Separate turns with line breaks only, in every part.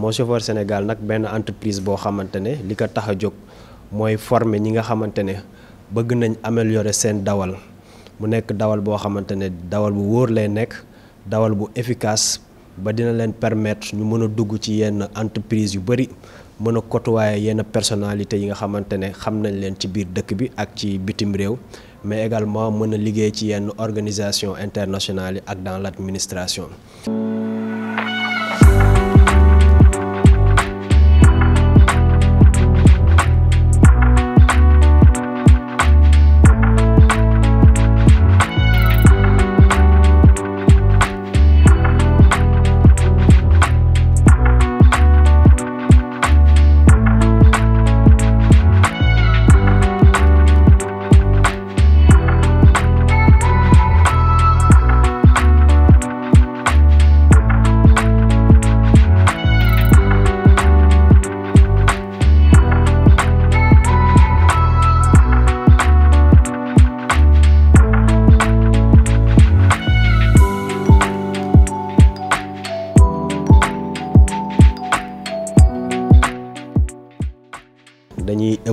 moo chauffeur Sénégal nag benn entreprise bo xamantene ne li ko tax a jóg former ñi nga xamantene bëgg nañ améliorer sen dawal mu nekk dawal bo xamantene dawal bu woor lay nekk dawal bu efficace ba dina leen permettre ñu mëna dugg ci yenn entreprise yu bari mëna a côtoyer yenn personnalité yi nga xamantene ne xam nañ leen ci biir dëkk bi ak ci bitim réew mais également mëna liggéey ci yenn organisation internationale ak dans l'administration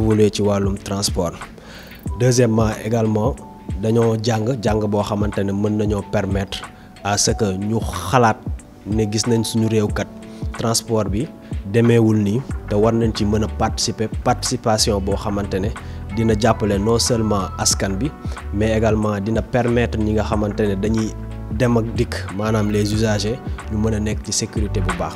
évoluer ci wàllum transport deuxièmement également dañoo jàng jàng boo xamante ne mën nañoo permettre à ce que ñu xalaat ne gis nañ suñu réew kat transport bi demeewul nii te war nañ ci mën a participer participation boo xamante ne dina jàppale non seulement askan bi mais également dina permettre ñi nga xamante ne dañuy dem ak dikk maanaam les usagers ñu mën a nekk ci sécurité bu baax.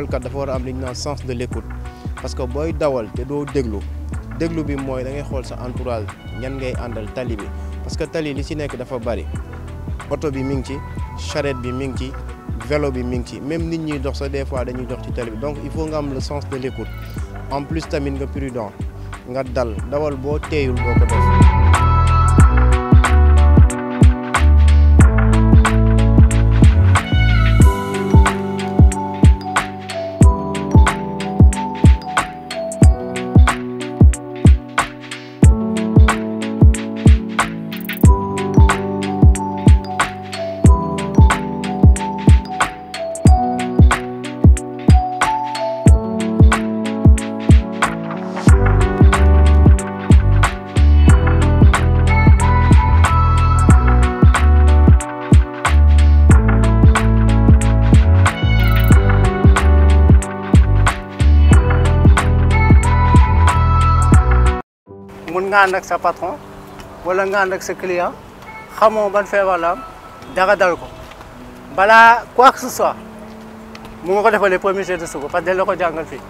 dawalkat dafa wara am li ñu sens de l'écoute parce que boy dawal te do déglu déglu bi moy da ngay xol sa entourage ñan ngay andal tali bi parce que tali li ci nek dafa bari auto bi mi ngi ci charrette bi mi ngi ci vélo bi mi ngi ci même nit ñi dox sa des fois dañuy dox ci tali bi donc il faut nga am le sens de l'écoute en plus tamit nga prudent nga dal dawal bo teeyul boko ko def
nga ànd ak sa patron wala nga ànd ak sa client xamoo ban feebar dara dal ko bala quoi que ce soit mu nga ko les premiers jet de secours parce que dañ la ko jàngal fii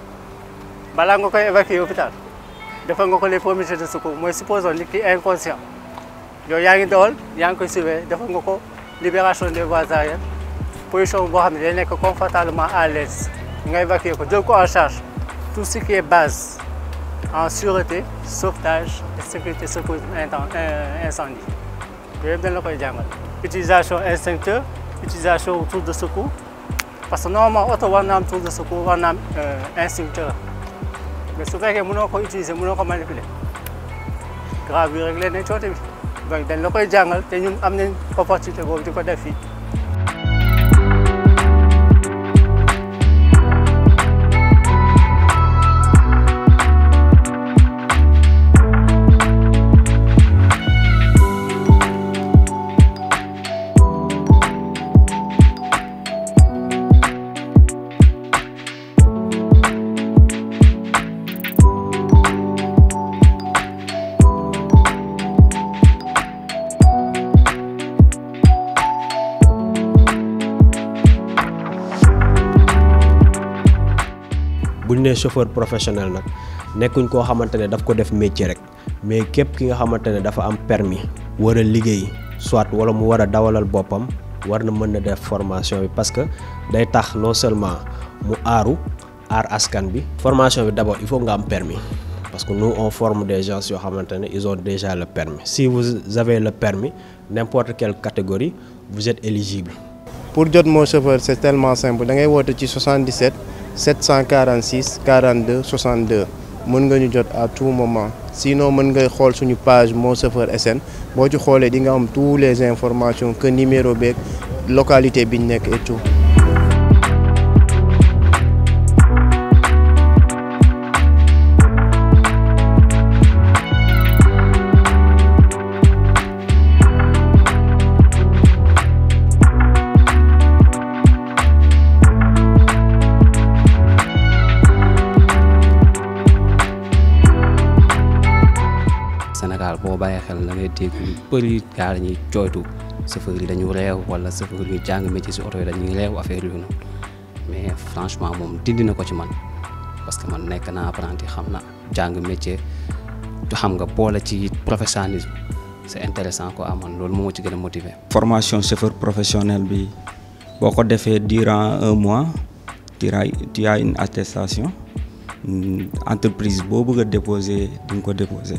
balaa nga koy évacuer hôpital defal nga ko les premiers jets de secours mooy supposons nit ki inconscient yow yaa ngi dawal yaa ngi koy suivre defal nga ko libération des voies aériennes position boo xam ne day nekk confortablement à l'aise nga évacuer ko jël ko en charge tout ce qui est base en sûreté sauvetage et sécurité secours euh, incendie yooyu yëpp dañ utilisation instincteur, utilisation autour de secours parce que normalement on a un tour de secours on a un instincteur. mais su que les ko utiliser mënoo manipuler grave bi rek qui ne coote donc dans le koy jàngal te de am opportunité de faire des
ñu chauffeur professionnel nak nekuñ ko xamantene daf ko def métier rek mais képp ki nga xamantene dafa am permis war a liggéey soit wala mu war a dawalal boppam war na mën na def formation bi parce que day tax non seulement mu aaru aar askan bi formation bi d'abord il faut nga am permis parce que nous on forme des gens yoo xamantene ne ils ont déjà le permis si vous avez le permis n'importe quelle catégorie vous êtes éligible
pour jot moo chauffeur c'est tellement simple da ngay woote ci 77 746 42 62 mën nga ñu jot à tout moment sinon mën ngay sur suñu page Mon SN boo ci vous di nga am tous les informations que numéro beeg localité biñ et tout
xel la ngay dégg lu bëri gaa dañuy jooytu chauffeur yi reew réew wala chauffeur yi ci métier oto yi dañuy réew affaire yu noonu mais franchement moom dindi na ko ci man parce que man nekk naa apprenti xam na jàng métier xam nga boole ci professionnalisme c'est intéressant quoi man loolu moo ci gën a motiver. formation chauffeur professionnel bi boo ko defee durant un mois tu as une attestation entreprise boo bëgg déposer di nga ko déposer.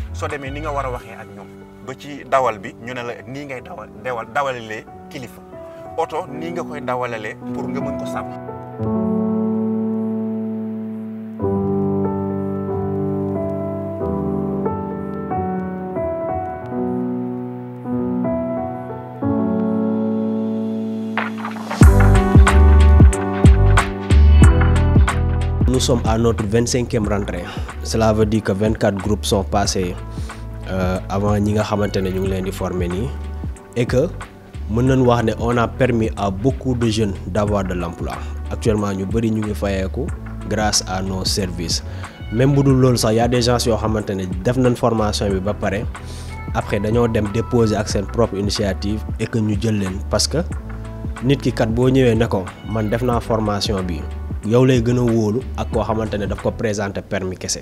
soo demee ni nga war a waxee ak ñoom ba ci dawal bi ñu ne la nii ngay dawal dawal dawalalee kilifa oto nii nga koy dawalalee pour nga mën ko sàmm.
Nous sommes à notre 25e rentrée cela veut dire que 24 groupes sont passés euh, avant que nous xamante ne et que nous avons on a permis à beaucoup de jeunes d'avoir de l'emploi actuellement nous avons ñu ngi grâce à nos services même si nous, avons y a des gens qui ont fait une formation après nous dem déposer avec propre initiative et que nous jël parce que nous avons kat boo nous man formation yow lay gën a wóolu ak koo xamante ne daf ko présenté permi kese.